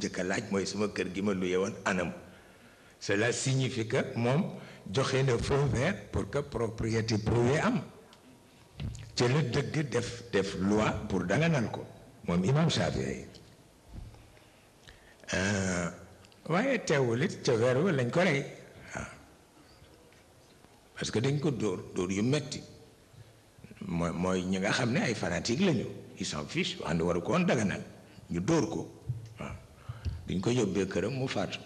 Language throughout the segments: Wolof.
jëkka laaj mooy suma kër gi ma lu woon anam cela signifie que moom joxe na feu vert pour que propriété privée am ci la dëgg def def loi pour daganal ko moom imam Shafii euh, waaye teewul it ca weer wa lañ ko rey waaw parce que dañ ko dóor dóor yu metti mooy mooy ñi nga xam ne ay fanatique lañu ils s'en fichent wax ne waru ko woon daganal ñu dóor ko bi ñu ko yóbbee këram mu faatu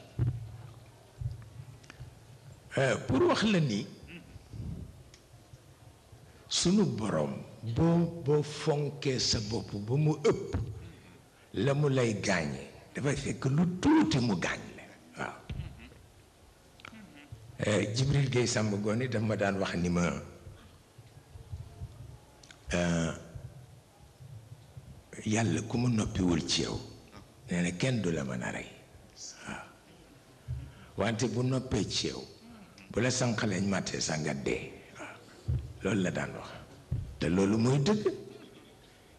euh, pour wax la ni sunu borom boo boo fonkee sa bopp ba mu ëpp la mu lay gaañe dafay fekk lu tuuti mu gaañ la waaw euh, Jibril Gueye Samba Goni daf ma daan wax ni ma euh, yàlla ku mu noppiwul ci yow nee na kenn du la mën a rey waaw wante bu noppee ci yow bu la sànqaleñ màttee sa nga dee waaw loolu la daan wax te loolu mooy dëgg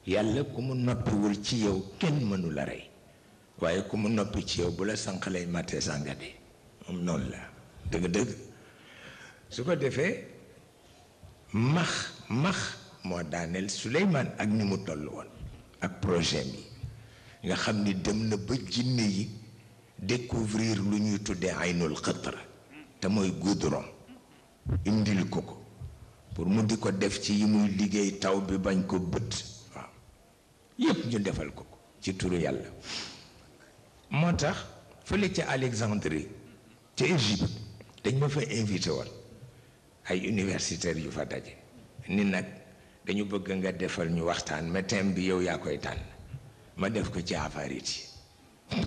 yàlla ku mu noppiwul ci yow kenn mënu la rey waaye ku mu noppi ci yow bu la sànqaleñ màttee sa nga dee moom noonu la dëgg-dëgg su ko defee max max moo daaneel Suleymaan ak ñu mu toll woon ak projet bi nga xam dem na ba jinne yi découvrir lu ñuy tuddee aynul xatra te mooy goudron indil ko ko pour mu di def ci yi muy liggéey taw bi bañ ko bët waaw yépp ñu defal ko ko ci turu yàlla moo fële ca Alexandrie ca Égypte dañ ma fa invité woon ay universitaires yu fa daje ni nak dañu bëgg nga defal ñu waxtaan mais thème bi yow ya koy tan ma def ko ci afarit yi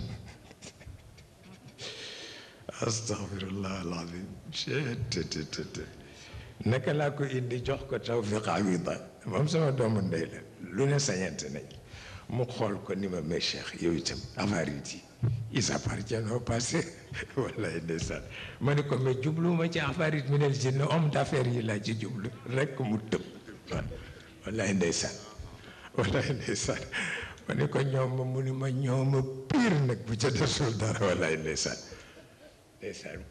astaghfirullah alazim cettt naka laa ko indi jox ko tawfiq avida moom sama doomu ndey la lu ne sañante nañ mu xool ko ni ma mais cheikh yow itam afarit yi ils appartiennent au passé wallaay ndeysaan ma ne ko mais jubluwuma ci afarit mi nel jinne homme d'affaires yi laa jublu rek mu tëb wallaay ndeysaan wallaay ndeysaan ma ne ko ñoom ma mu ni ma ñoom ma piir nag bu ca desul dara wallaay ndeysaan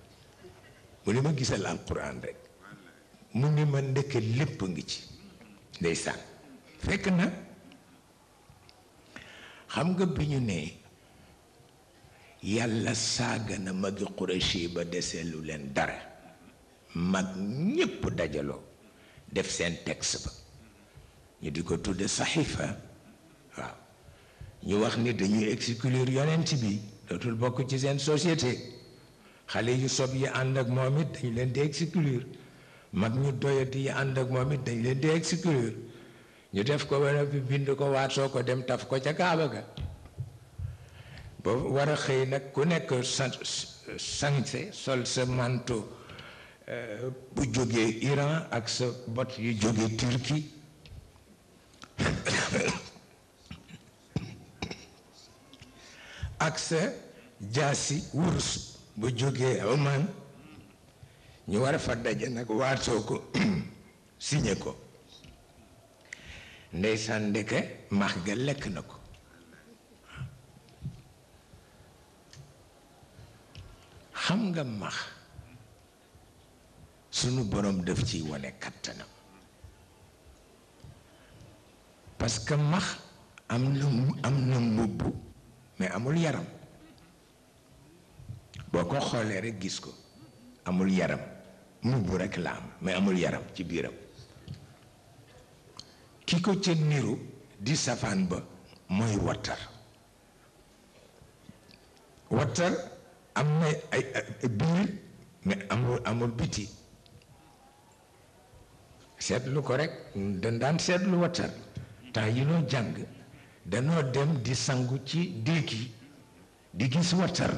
mu ni ma gisal alquran rek mu ni ma ndeke lépp ngi ci ndeysaan fekk na xam nga bi ñu ne yàlla saaga na magi Quraysh ba desee lu leen dara mag ñépp dajaloo def seen texte ba ñu di ko tudde saxiifa ñu wax ni dañuy exclure yonent bi dootul bokk ci seen société xale yu sob yi ànd ak moom it dañu leen di exclure mag ñu doyati yi ànd ak moom it dañu leen di exclure ñu def ko wala bi bind ko waatoo ko dem taf ko ca kaaba ga ba war a xëy nag ku nekk sañse sol sa manto euh, bu jógee Iran ak sa bot yu jógee Turquie ak sa jaasi wurus bu jógee Oman ñu war a fa daje nag waatoo ko signé ko ndeysaan ndeke max ga lekk na ko xam nga max sunu boroom def ci wane kattanam parce que max am na am mais amul yaram boo ko xoolee rek gis ko amul yaram mbubb rekk la am mais amul yaram ci biiram ki ko ca niru di safaan ba mooy wattar wattar am na ay biir mais amul amul biti seetlu ko rek dañ daan seetlu wattar temps yi loo jàng danoo dem di sangu ci déeg yi di gis watar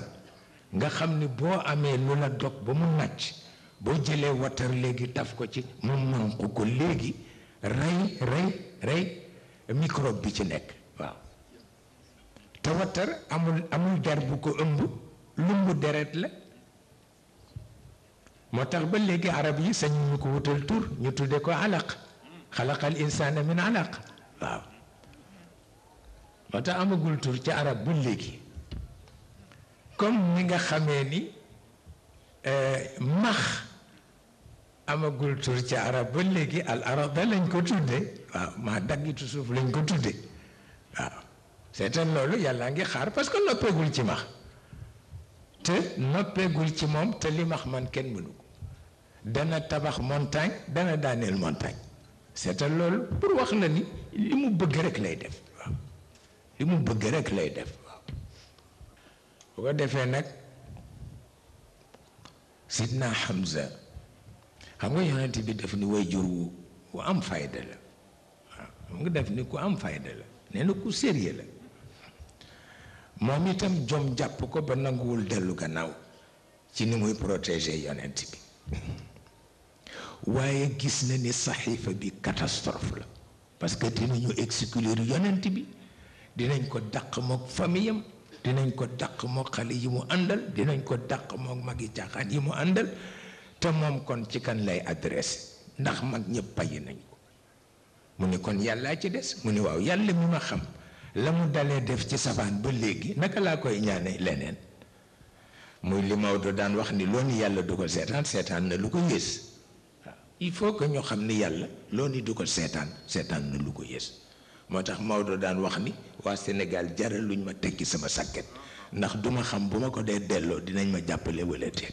nga xam ni boo amee lu la dog ba mu nàcc boo jëlee watar léegi taf ko ci mu manqu ko léegi rey rey rey bi ci nekk waaw te watar amul amul der bu ko ëmb lumbu deret la moo tax ba léegi arab yi sañu ñu ko wutal tur ñu tudde ko alaq xalaqal insaana min alaq waaw moo tax amagul tur ci arab bu léegi comme ni nga xamee ni eh, max amagul tur ci arab ba léegi al arada lañ ko tudde waaw maa daggitu suuf lañ ko tudde waaw seetal loolu yàlla ngi xaar parce que noppeegul ci max te noppeegul ci moom te li max man kenn mënu ko dana tabax montagne dana daaneel montagne seetal loolu pour wax la ni li mu bëgg rek lay def li mu bëgg rek lay def waaw ko defee nag sidna Hamza xam nga yonent bi def ni way jur wu ku am fayda la waaw xam nga def ni ku am fayda la nee na ku sérieux la moom itam jom jàpp ko ba nanguwul dellu gannaaw ci ni muy protéger yonent bi waaye gis na ni saxiifa bi catastrophe la parce que dinañu exclure yonent bi dinañ ko dàq mook famiyam dinañ ko dàq mook xale yi mu àndal dinañ ko dàq mook yi caaxaan yi mu àndal te moom kon ci kan lay adresse ndax mag ñëpp bàyyi nañ ko mu ni kon yàllaa ci des mu ni waaw yàlla mi ma xam la mu dalee def ci sabaan ba léegi naka laa koy ñaane leneen muy li Maodo daan wax ni loo ni yàlla du ko seetaan seetaan na lu ko yées il faut que ñu xam ni yàlla loo ni du ko seetaan seetaan na lu ko yées moo tax Maodo daan wax ni waa Sénégal jaral luñ ma tekki sama sàkket ndax duma xam bu ma ko dee delloo dinañ ma jàppale wala déet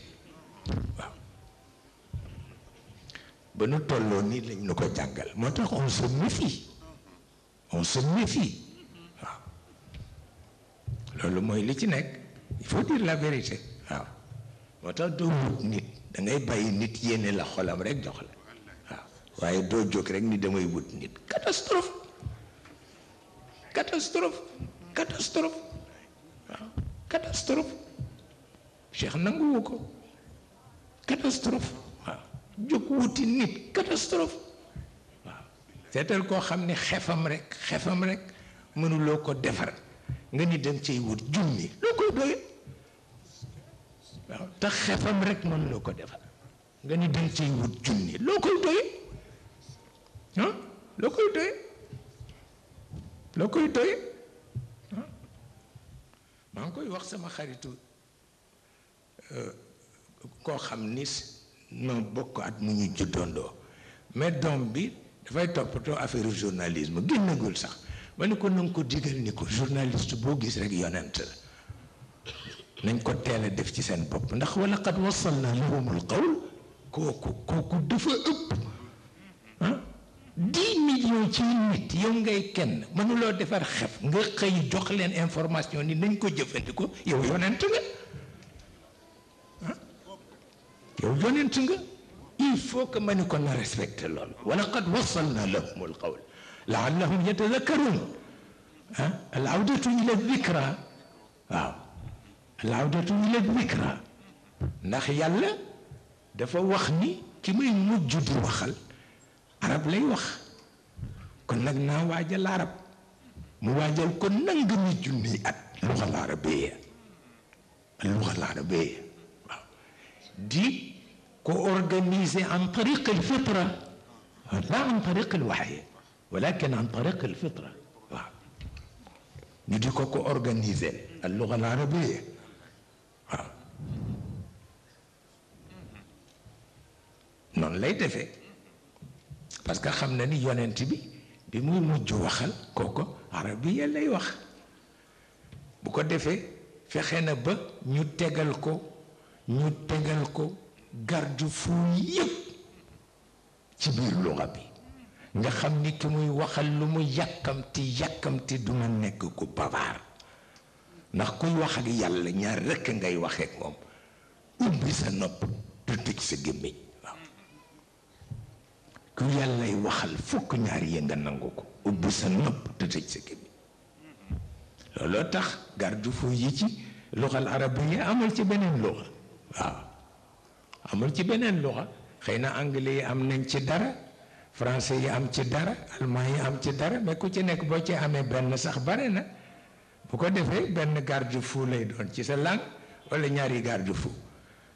waaw ba nu tolloo nii lañ nu ko jàngal moo tax on se méfie on se waaw loolu mooy li ci nekk il faut dire la vérité waaw moo tax doo mut nit da ngay bàyyi nit yéene la xolam rek jox la waaw waaye doo jóg rek ni damay wut nit catastrophe catastrophe catastrophe waaw catastrophe Cheikh nanguwu ko catastrophe waaw jóg wuti nit catastrophe waaw seetal koo xam ne xefam rek xefam rek mënuloo ko defar nga ni dem cay wut junni loo koy doyee rek mënuloo ko defar loo koy doyee la koy doy maa ngi koy wax sama xaritu koo xam ni noo bokk at mu ñu juddandoo mais doom bi dafay toppatoo affaire journalisme génnagul sax ma ne ko na nga ko digal ni ko journaliste boo gis rek yonent la nañ ko teel a def ci seen bopp ndax wala qad wasalna lahumul qawl kooku kooku dafa ëpp ah dix millions ci nit yow ngay kenn mënuloo defar xef nga xëy jox leen information ni nañ ko jëfandikoo yow yonent nga ah? yow yonent nga il faut que ma ni ko na respecté loolu wala qad wasalna lahum alqawl laallahum yatadakkaruun ah al awdatu ila dikra waaw al awdatu ila dikra ndax yàlla dafa wax ni ki may mujj di waxal arab lay wax kon nak na waajal arab mu kon nang ni jundi at luxal arabiya luxal arabiya waaw di ko organiser en tariq al fitra la en tariq al wahy walakin an tariq al fitra waaw ñu di ko ko organiser al luxa al arabiya waaw lay defee parce que xamna ni yonent bi bi muy mujj waxal koko arabiya lay wax bu ko defé fexena ba ñu tegal ko ñu tegal ko garde fu yépp ci bir lu rabbi nga xamni ki muy waxal lu mu yàkkamti du ma nek ku bavar ndax kuy wax ak yalla ñaar rek ngay waxe mom ubbi sa nopp du tik sa gemmi ku yàllay waxal fokk ñaar yee nga nangu ko ubb sa nopp te tëj sa gémmiñ looloo tax garde fou yi ci luxal arab yi amul ci beneen luxa waaw ci beneen luxa xëy na anglais yi am nañ ci dara français yi am ci dara allemand yi am ci dara mais ku ci nekk boo ci amee benn sax bare na bu ko defee benn garde fou lay doon ci sa langue wala ñaari garde fou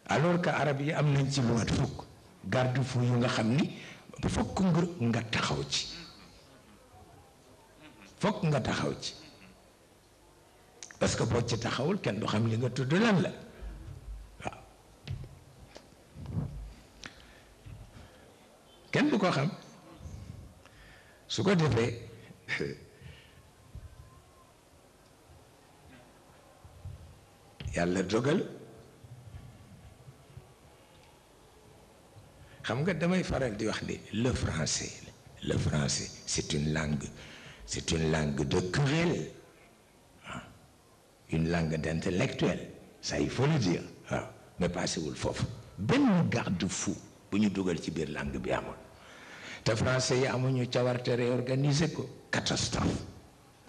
alors que arab yi am nañ ci lu mat fukk garde fou yu nga xam ni fokk nga nga taxaw ci fokk nga taxaw ci parce que boo ci taxawul kenn du xam li nga tudd lan la waaw kenn du ko xam su ko defee yàlla dogal xam damay faral di wax ni le français le français c'est une langue c'est une langue de querelle hein, une langue d'intellectuel ça il faut le dire waaw hein, mais passewul Ben, benn garde-fou bu ñu dugal ci biir langue bi amul te français yi amuñu cawarte réorganiser ko catastrophe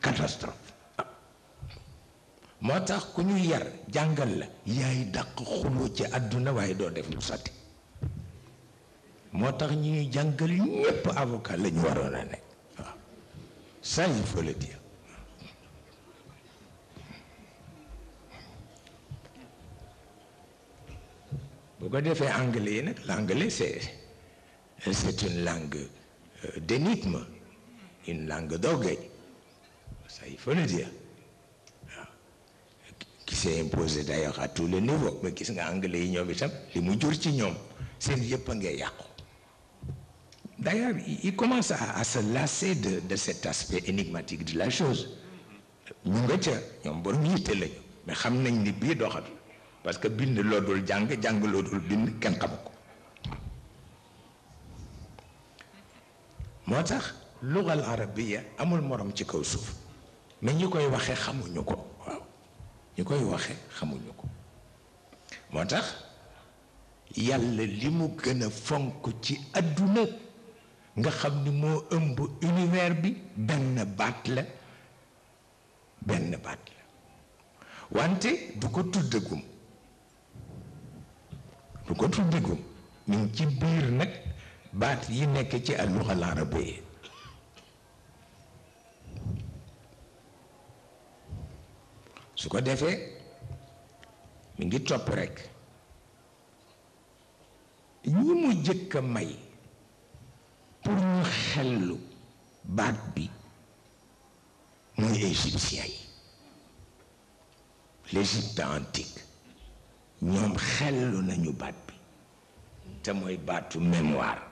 catastrophe ah. moo tax ku ñu yar jàngal la yaay dàq xuloo ci àdduna waaye doo def lu sotti motax ñi jangal avocat lañu ñu waroon ça il faut le dire bu ko défé anglais nak l'anglais c'est c'est une langue euh, d'énigme une langue d'orgueil ça il faut le dire qui s'est imposé d'ailleurs à tous les niveaux mais qui nga anglais yi ñoom itam li mu jur ci ñom seen yëpp nga ngay D'ailleurs, il, commence à, à, se lasser de, de, cet aspect énigmatique de la chose. ñu nga ca ñoom borom yitte mais xam nañ ni bii doxal parce que bind loo dul jang jàng loo dul bind kenn xamu ko moo tax lugal arabiya amul morom ci kaw suuf mais ñi koy waxee xamuñu ko waaw ñi koy waxee xamuñu ko moo tax yàlla li mu ci àdduna nga xam ni moo ëmb univers bi benn baat la benn baat la wante du ko tuddagum du ko tuddagum ñu ngi ci biir nag baat yi nekk ci alluxa larabiya su ko defee mu ngi topp rekk ñi mu jëkk a may pour ñu xellu baat bi muy égyptien yi l'Égypte antique ñoom xellu nañu baat bi te mooy baatu mémoire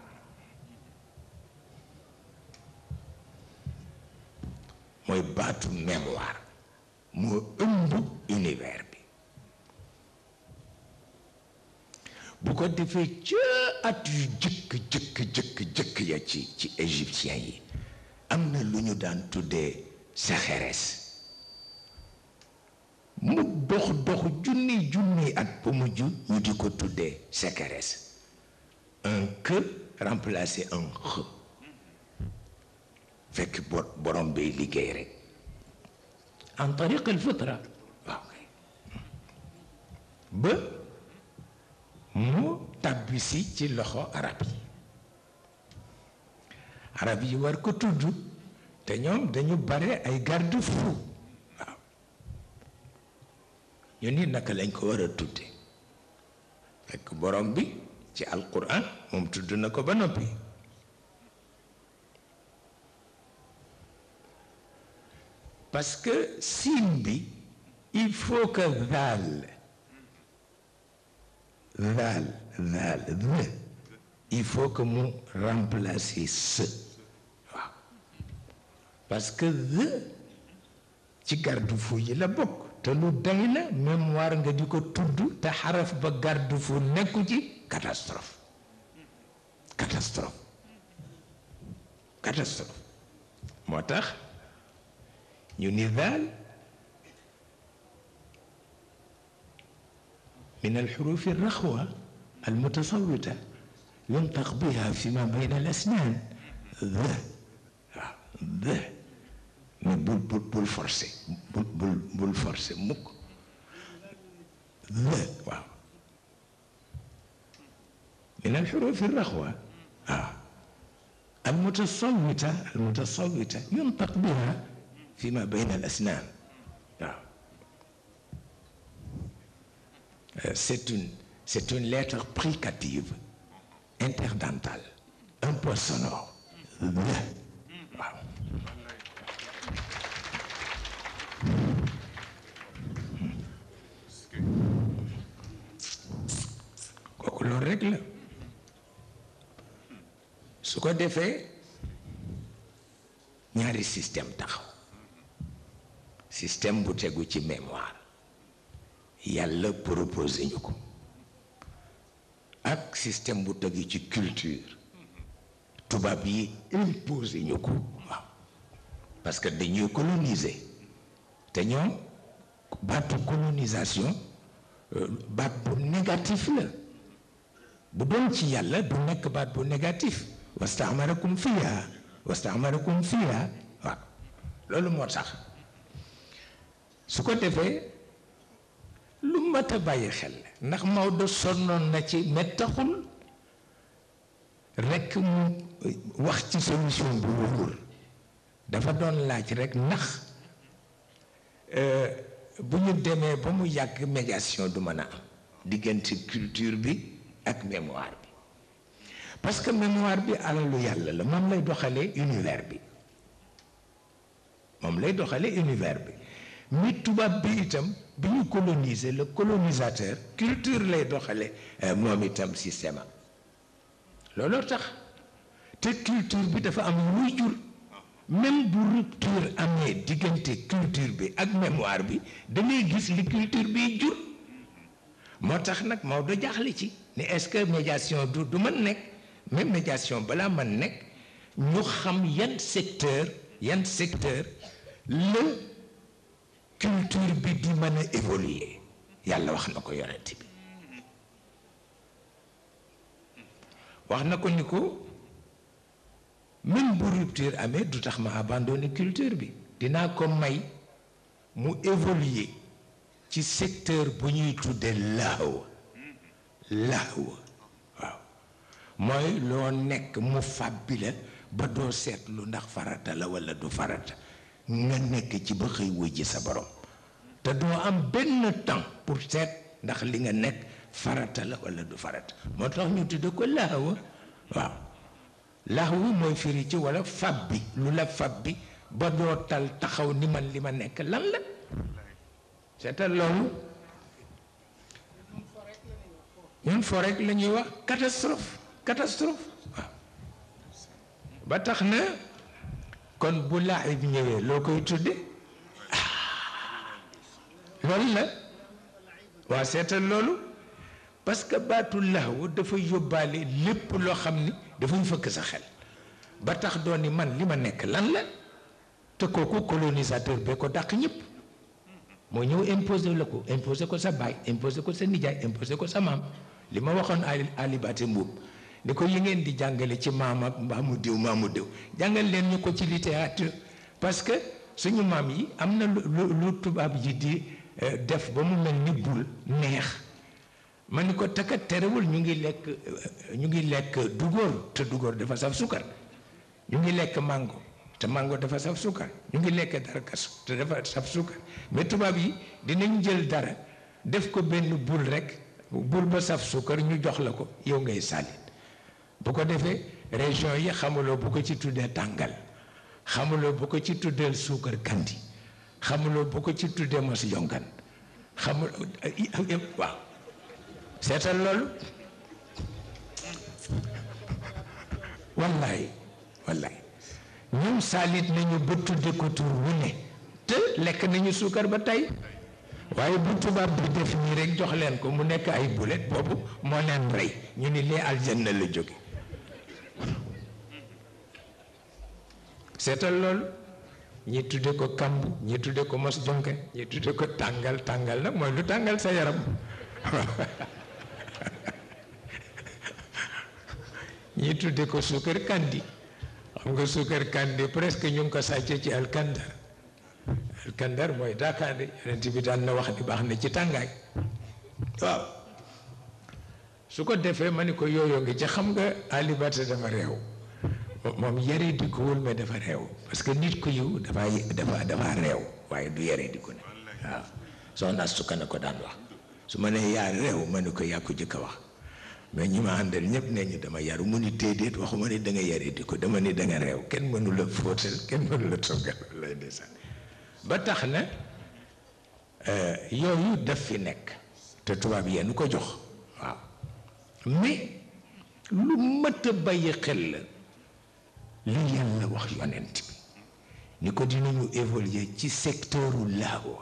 mooy baatu mémoire moo ëmb univers bu ko defee ca at yu jëkk jëkk jëkk jëkk ya ci ci égyptien yi am na lu ñu daan tuddee sécheresse mu dox dox junni junni at ba mujj ñu di ko tuddee sécheresse un que remplacer un x fekk borom bay liggéey rek en tariq al fitra waaw mu tàbbisi ci loxo arab yi arab yi war ko tudd te ñoom dañu bare ay garde fou waaw ñu ni naka lañ ko war a tudde fekk borom bi ci alquran moom tudd na ko ba noppi parce que bi il faut que daal val val the il faut que mu remplacer ce waaw parce que the ci garde yi la bokk te lu day la mémoire nga di ko tudd te xaraf ba garde nekku ci catastrophe catastrophe catastrophe moo tax ñu ni daal من الحروف الرخوة المتصوتة ينطق بها فيما بين الأسنان ذ ذ من يعني بول بول بول فرسي بول بول بول فرسي مك ذ واو من الحروف الرخوة آه. المتصوتة المتصوتة ينطق بها فيما بين الأسنان Euh, c'est une, c'est une lettre pricative, interdentale, un peu sonore. Wow. que qu'on règle fait, il y a y système Un système bu mémoire yalla proposé a le ak système le système de culture tout va imposé imposer. parce que sommes coloniser Nous, ñoom une colonisation pour euh, négatif la bu doon ci yalla du nek bat bu négatif wastaxmarakum nous fiha su ko lu mat a bàyyi xel na ndax Maodo sonnoon na ci mais rekk mu wax ci solution bu wóor dafa doon laaj rekk ndax euh, bu ñu demee ba mu yàgg médiation du mën a am diggante culture bi ak mémoire bi parce que mémoire bi alalu yàlla la moom lay doxalee univers bi moom lay doxalee univers bi mi tubaab bi itam bi ñu coloniser le colonisateur culture lay doxale euh, mes itam système am looloo tax te culture bi dafa am muy jur même bu rupture amé diggante culture bi ak mémoire bi da gis li culture bi jur moo tax nag Maodo jaaxle ci ne est-ce que médiation du du mën même médiation bala mën nekk ñu xam secteur yan secteur le culture bi di mën a évoluer yàlla wax na ko yonent bi wax na ko ni ko même bu rupture amee du tax ma abandonné culture bi dina ko may mu évoluer ci secteur bu ñuy tuddee lahwa lahwa waaw mooy loo nekk mu fàbbi la ba doo seetlu ndax farata la walla du farata nga nekk ci ba xëy wëy ji sa borom te doo am benn temps pour seet ndax li nga nekk farata la wala du farata moo tax ñu tudde ko laawa waaw laawa mooy firi ci wala fab bi lu la fab bi ba doo tal taxaw ni man li ma nekk lan la seetal loolu ñun fo rek wax catastrophe catastrophe waaw ba tax na kon bu laaxib ñëwee loo koy tudde ah. loolu na waa seetal loolu parce que baatu laxwu dafa yóbbaale lépp loo xam ni dafay fëkk sa xel ba tax doon ni man li ma nekk lan la te kooku colonisateur bee ko dàq ñëpp moo ñëw imposé la ko imposé ko sa baay imposé ko sa nijaay imposé ko sa maam li ma waxoon Ali Baate Mbuub di ko yi ngeen di jàngale ci maam ak maamu diw maamu diw jàngal leen ñu ko ci littérature parce que suñu maam yi am na lu lu tubaab yi di euh, def ba mu mel ni bul neex ma ni ko takkat terewul ñu ngi lekk euh, ñu ngi lekk dugóor te dugóor dafa saf sukkar ñu ngi lekk màngo te mango dafa saf sukkar ñu ngi lekk dara kasu te dafa saf sukkar mais tubaab yi dinañ jël dara def ko benn bul rek bul ba saf sukkar ñu jox la ko yow ngay sàlli bu ko defee région yi xamuloo bu ko ci tuddee tàngal xamuloo bu ko ci tuddee suukar kandi xamuloo bu ko ci tuddee mos yongan xamul waaw seetal loolu wallaay wallaay ñoom saalit nañu ba ko tur wu ne te lekk nañu suukar ba tey waaye bu tubaab bi def nii rek jox leen ko mu nekk ay bulet boobu moo leen rey ñu ni lee aljanna la jóge seetal lool ñi tudde ko kamb ñi tudde ko mos jonke ñi tudde ko tàngal tàngal nag mooy lu tàngal sa yaram ñi tudde ko suukar kandi xam nga suukar kandi presque ñu ngi ko sàcce ci alkandar alkandar mooy daakaande yonent bi daan na wax ni baax na ci tàngaay waaw su ko defee ma ni ko yooyo ngi ci xam nga alibata dafa réew moom yare di ko wul mais dafa réew parce que nit ko yiw dafa dafa dafa réew waaye du yare di ko ne waaw soxna sukka ne ko daan wax su ma nee yaa réew ma ne ko yàqu ko jëkk wax mais ñi ma àndal ñëpp ne ñu dama yaru mu ni déedéet waxuma ne da nga yare di ko dama ni da nga kenn mënu la fóotal kenn mënu la toggal lay ndeysaan ba tax na euh, yooyu daf fi nekk te tubaab yéen ko jox waaw mais lu mët bàyyi xel li yàlla wax yonent bi ni ko dinañu évoluer ci sectoru laago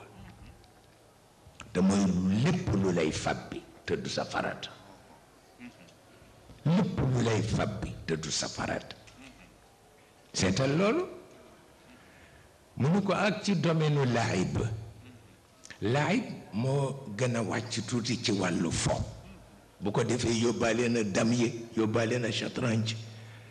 te mooy lépp lu lay fàbbi te du sa farata lépp lu lay fàbbi te du sa farata seetal loolu mu nu ko ak ci domaine laayib laayib moo gën a wàcc tuuti ci wàllu fo bu ko defee yóbbaale na dam yi yóbbaale na chatranj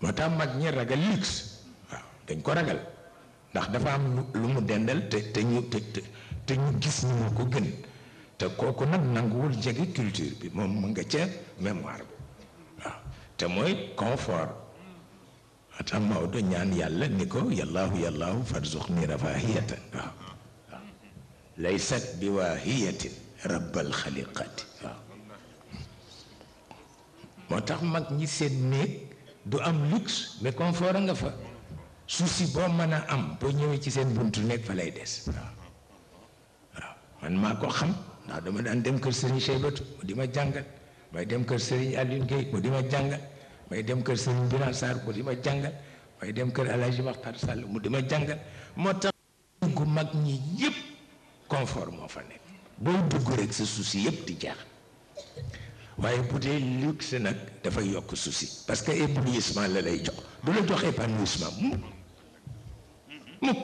moo tax mag ñi ragal luxe waaw dañ ko ragal ndax dafa am lu mu dendal te te ñu te gis ñu ko gën te kooku nag nanguwul jege culture bi moom mu nga ca mémoire bi waaw te mooy confort atam Maodo ñaan yàlla ni ko yallaahu yallaahu farzuqni rafahiyatan waaw waaw laysat bi waahiyatin rabbal xaliqati waaw moo tax mag ñi seen néeg du am luxe mais confort a nga fa suuf si boo mën a am boo ñëwee ci seen buntu nekk fa lay des waaw man maa ko xam ndax dama daan dem kër Serigne Cheybatu mu di ma jàngal may dem kër Serigne Alioune Gueye mu di ma jàngal may dem kër Serigne Birane Sarr mu ma jàngal may dem kër El Hadj Makhtar Sall mu di ma jàngal moo tax dugg mag ñi yëpp confort moo fa nekk boo dugg rek sa suuf si yëpp di jaax waaye bu dee luxe nag dafay yokk souci parce que éblouissement la lay jox du la jox épanouissement mukk mukk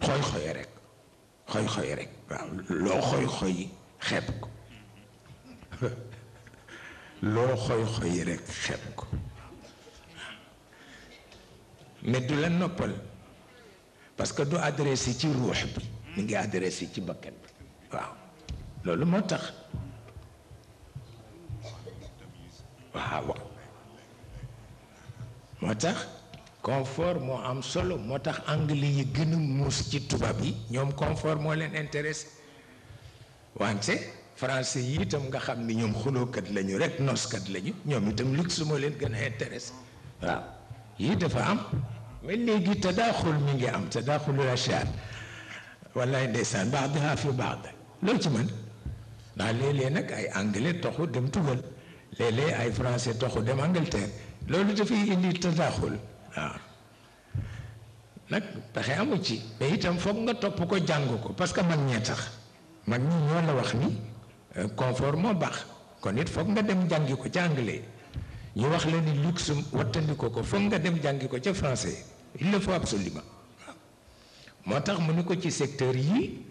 xooy xooy rek xooy xooy rek waaw loo xooy xooy xeeb ko loo xooy xooy rek xeeb ko mais du la noppal parce que du adressé ci ruux bi mu ngi adressé ci bakkan bi waaw loolu moo tax waaw moo tax confort moo am solo moo tax anglais yi gën muus ci tubaab yi ñoom confort moo leen intéressé wante français yi itam nga xam ni ñoom xulookat lañu rek noskat lañu ñoom itam luxe moo leen gën a intéressé waaw yii dafa am mais léegi tadaaxul mi ngi am tadaaxulu achar wallaay ndeysaan baax fi baax loo ci mën ndax léeg-léeg nag ay anglais toxu dem tugal léeg-léeg ay francais toxu dem Angleterre loolu dafay indi tadaaxul waaw nag pexe amu ci mais itam foog nga topp ko jàng ko parce que mag ñee tax mag ñi ñoo la wax ni euh, confort moo baax kon it foog nga dem jàngi ko ca anglais ñu wax la ni luxe wattandi ko ko foog nga dem jàngi ko ca français il le faut absolument moo tax mu ni ko ci secteur yi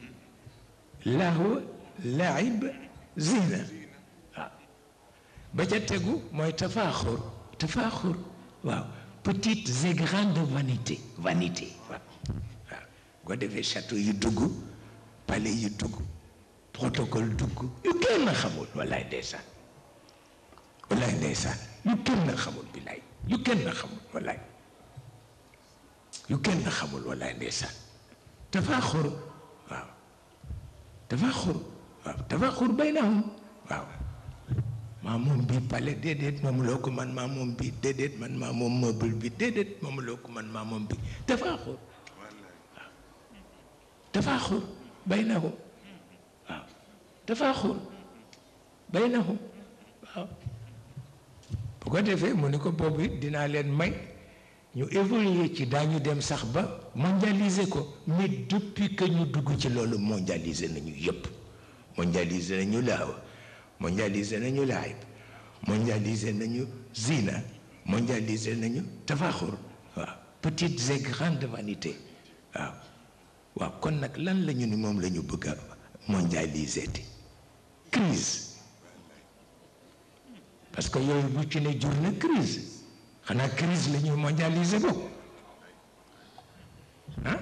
laahu laib zina waaw ca tegu mooy tafaaxur tafaaxur waaat petites et grandes vanité waaw waaw ko defee château yu dugg palais yu dugg protocole dugg yu kenn xamul wallaay ndeysaan wallaay ndeysaan yu kenn xamul bilaay yu kenn xamul wallaay yu kenn xamul wallaay ndeysaan tafaaxur waaw tafaaxur waaw tafaxur baynahum waaw maa moom bii pale déedéet moom loo ko man maa moom bii déedéet man maa moom meuble bi déedéet moom loo ko man maa moom bii tafaxur waaw tafaxur baynahum bay tafaxur baynahum waaw bu ko defee mu ni ko boobu dinaa leen may ñu évoluer ci daañu dem sax ba mondialiser ko mais depuis que ñu dugg ci loolu mondialiser nañu yëpp mondialisé nañu laaw mondialise nañu laayib mondialise nañu siina mondialisé nañu tafaxur waaw petites et grandes vanités waaw waaw kon nag lan la ñu ni moom la ñu bëgg a mondialisé te crise parce que yooyu bu ci ne jur na crise xanaa crise la ñuy mondialisé ko ah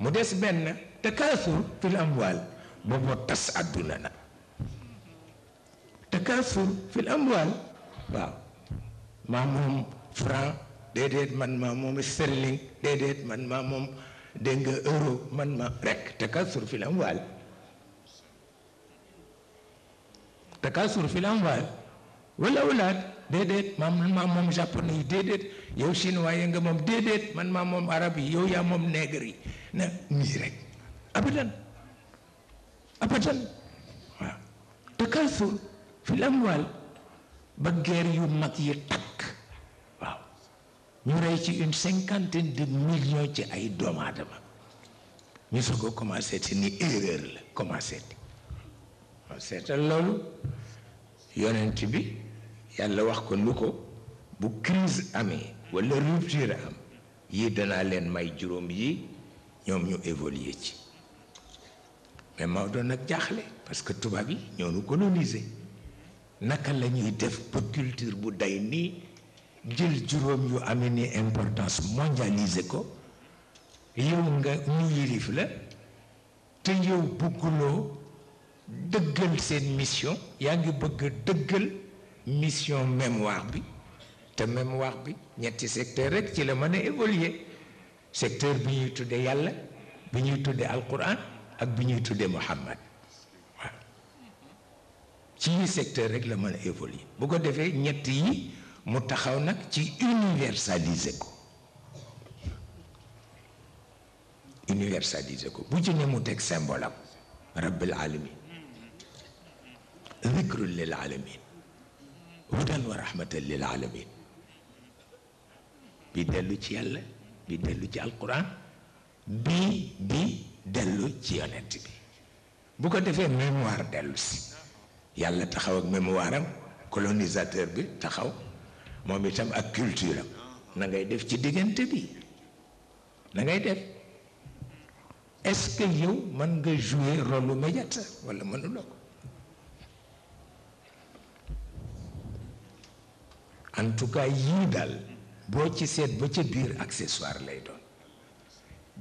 mu des benn takaasur fil amwaal booba tas àdduna nag takaasur fil amwaal waaw maa moom franc déedéet man maa moom sterling déedéet man maa moom dégg nga euro man ma rek takaasur fil amwaal takaasur fil amwaal wala awlaad déedéet maa moom japonais yi déedéet yow chinois yi nga moom déedéet man maa moom arab yi yow yaa moom nègre na nii rek abadan abadan waaw takasur fil amwal ba guerre yu mag yi takk waaw ñu rey ci une cinquantaine de millions ci ay doomu aadama ñu soog ko commencé te ni erreur la commencé te waaw seetal loolu yonent bi yàlla wax ko nu ko bu crise amee wala rupture am yii danaa leen may juróom yi ñoom ñu évoluer ci mais Maodo nag jaaxle parce que tubaab yi ñoo nu colonisé naka la ñuy def ba culture bu day nii jël juróom yu amee ni importance mondialisé ko yow nga ñu yilif la te yow bëgguloo dëggal seen mission yaa ngi bëgg a dëggal mission mémoire bi te mémoire bi ñetti secteur rek ci la mën a évoluer secteur bi ñuy tudde yàlla bi ñuy tudde alquran ak bi ñuy tuddee Muhammad ci ci secteur rek la mën a évoluer bu ko defee ñett yi mu taxaw nag ci universaliser ko universaliser ko bu ci ne mu teg symbole am rabbil alamin ذكر للعالمين هدى ورحمة للعالمين rahmatan lil alamin bi القرآن بي بي dellu ci yonent bi bu ko defee mémoire dellu si yàlla taxaw ak mémoire am colonisateur bi taxaw moom itam ak culture am na ngay def ci diggante bi na ngay def est-ce que yow mën nga jouer rôle médiateur wala mënuloo ko en yii daal boo ci seet ba ca biir accessoire lay doon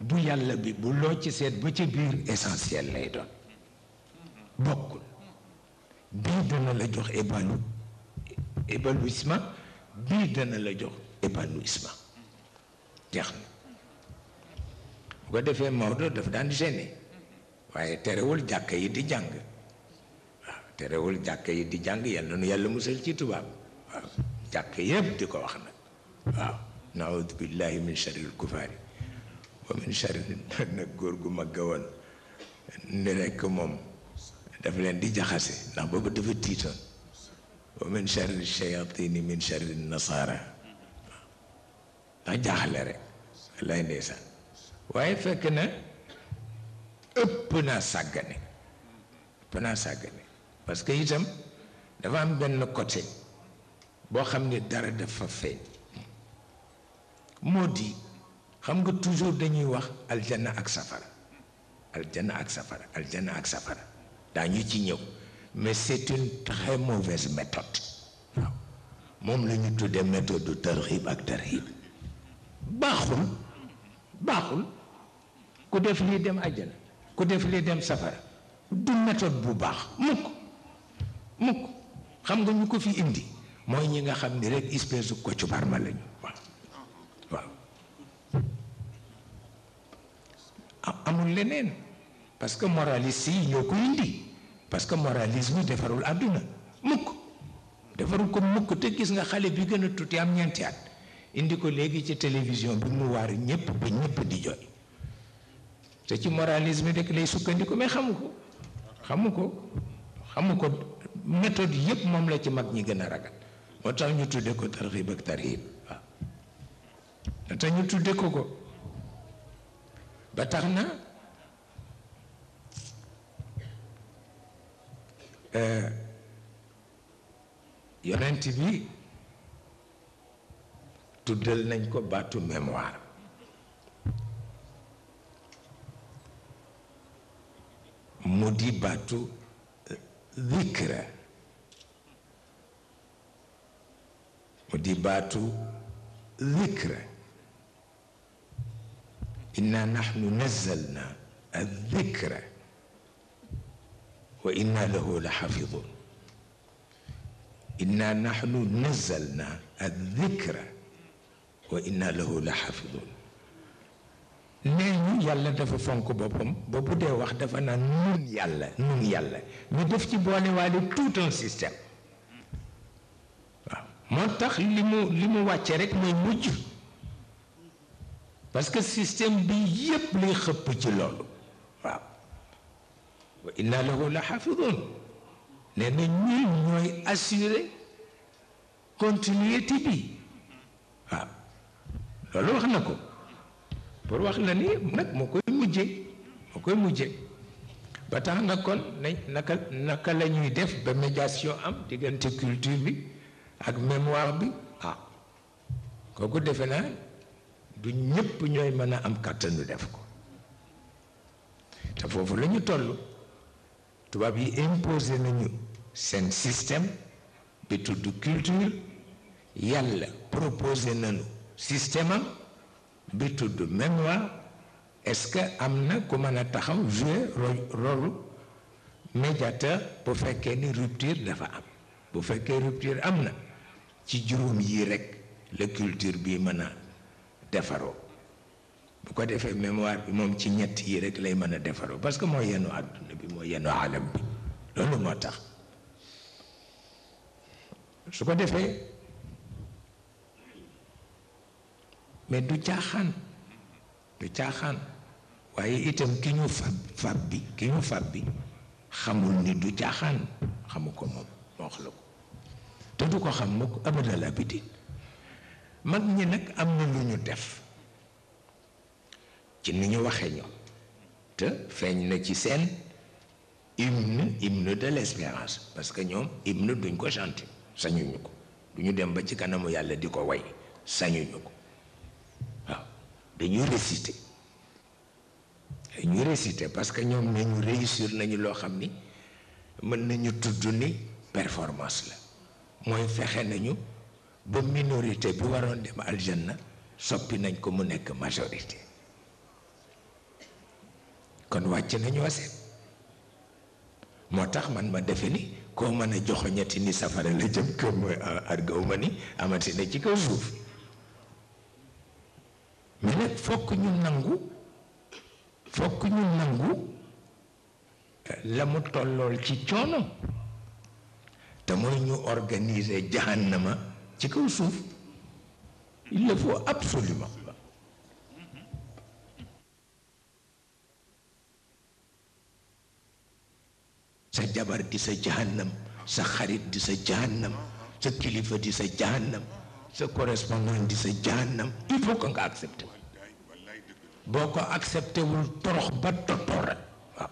bu yàlla bi bu loo ci seet ba ci biir essentiel lay doon bokkul bii dana la jox ébalu épanouissement bii dana la jox épanouissement jeex na bu ko defee Maodo daf daan gêné waaye terewul jàkka yi di jàng waaw terewul jàkka yi di jàng yal na nu yàlla musal ci tubaab waaw jàkka yëpp di ko wax nag waaw naawudu billahi min sharil kufaari wa min charri nag góor gu mag ga woon ni rekk moom daf leen di jaxase ndax boobu dafa tiitoon wa min charri chayatini min charri nasara ndax jaaxle rek lay ndeysaan waaye fekk na ëpp naa sàggane ëpp naa sàggane parce que itam dafa am benn côté boo xam ne dara dafa feeñ moo di xam nga toujours dañuy wax aljanna ak safara aljanna ak safara aljanna ak safara daañu ci ñëw mais c'est une très mauvaise méthode waaw moom lañu ñu tuddee méthode du tarxib ak tarxib baaxul baaxul ku def lii dem àjjana ku def lii dem safara du méthode bu baax mukk mukk xam nga ñu ko fi indi mooy ñi nga xam ni rek espèce de koccu barma lañu amul leneen parce que moraliste yi ñoo ko indi parce que moralisme defarul àdduna mukk defarul ko mukk te gis nga xale bi gën a tuuti am ñeenti at indi ko léegi ci télévision bi mu waar ñépp ba ñépp di jooy te ci moralisme rek lay sukkandiku mais xamu ko xamu ko xamu ko méthode yépp moom la ci mag ñi gën a ragal moo tax ñu tudde ko tarxib ak tarhib waaw moo tax ñu tudde ko ba tax na euh, yonent bi tuddal nañ ko baatu mémoire mu di baatu zikra mu di baatu zikra إنا نحن نزلنا الذكر وإنا له لحافظون إنا نحن نزلنا الذكر وإنا له لحافظون نين يالا دافا فونك بوبم بوبو دي واخ دافا نان نون يالا نون يالا مي بوني والي توت سيستم موتاخ ليمو ليمو واتي رك موي موجي parce que le système bi yépp ci wa inna lahu la nee na ñun ñooy assurer continuité bi waaw loolu wax na ko pour wax la ni nag moo koy mujjee moo koy mujjee na kon nañ naka naka def ba médiation am diggante culture bi ak mémoire bi ah du ñëpp ñooy mën a am kàttanu def ko te foofu la ñu toll tubaab yi imposé nañu seen système bi tudd culture yàlla proposé nañu système am bi tudd mémoire est-ce que am na ku mën a taxaw jouer rôle médiateur bu fekkee ni rupture dafa am bu fekkee rupture am na ci juróom yii rekk la culture bi mën a defaroo bu ko defee mémoire bi moom ci ñett yi rek lay mën a defaroo parce que moo yenu àdduna bi moo yenu alam bi loolu moo tax su ko defee mais du caaxaan du caaxaan waaye itam ki ñu fab fab bi ki ñu fab bi xamul ni du caaxaan xamu ko moom moo wax ko te du ko xam mukk abadal abidin mag ñi nag am na lu ñu def ci ni ñu waxee ñoom te feeñ na ci seen hymne hymne de l'espérance parce que ñoom hymne duñ ko chanté sañuñu ko duñu dem ba ci kanamu yàlla di ko way sañuñu ko waaw dañuy réciter dañuy réciter parce que ñoom nañu réussir nañu loo xam ni mën nañu tudd ni performance la mooy fexe nañu ba minorité bi waroon dem na soppi nañ ko mu nekk majorité kon wàcc nañu waseet moo tax man ma defe ni koo mën a joxoñati ni safara la jëm kër mooy argaw ma ni amati na ci kaw suuf mu nag fokk ñu nangu fokk ñu nangu eh, la mu tollool ci coono te mooy ñu organiser jahannama ci kaw suuf il le faut absolument sa jabar di sa jahannam sa xarit di sa jahannam sa kilifa di sa jahannam sa correspondant di sa jahannam il faut que nga accepté boo ko accepté torox ba tottoo rek waaw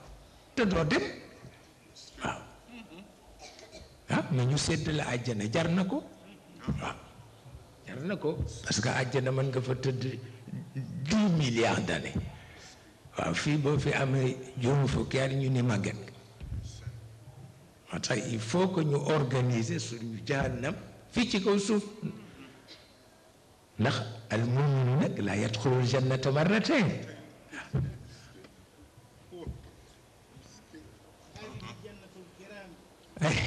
te doo dem waaw ah mais ñu séddale àjjana jar na ko waaw jar na ko parce que àjjana mën nga fa tëdd dix milliards d'années waaw fii boo fi amee juróom fukki at ñu ni màgget moo tax il faut que ñu organiser suñu jahannam fii ci kaw suuf ndax al muminu nag laa yadxulul jannata marratayn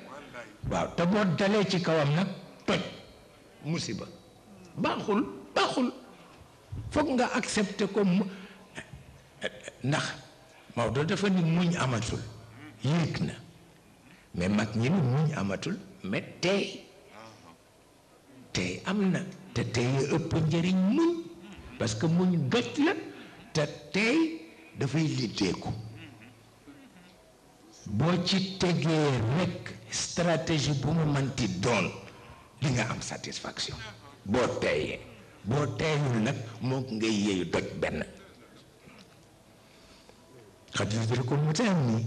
waaw te boo dalee ci kawam nag toj musiba baaxul baaxul foog nga accepté ko mu ndax Maodo dafa ni muñ amatul yéeg na mais mag ñi ni muñ amatul mais tey tey am na te tey ëpp njëriñ muñ parce que muñ gàcc la te tey dafay liddeeku boo ci tegee rekk stratégie bu mu manti li nga am satisfaction boo teeyee boo teeyul nag moo nga yeeyu doj benn xad yudrikul mutaanni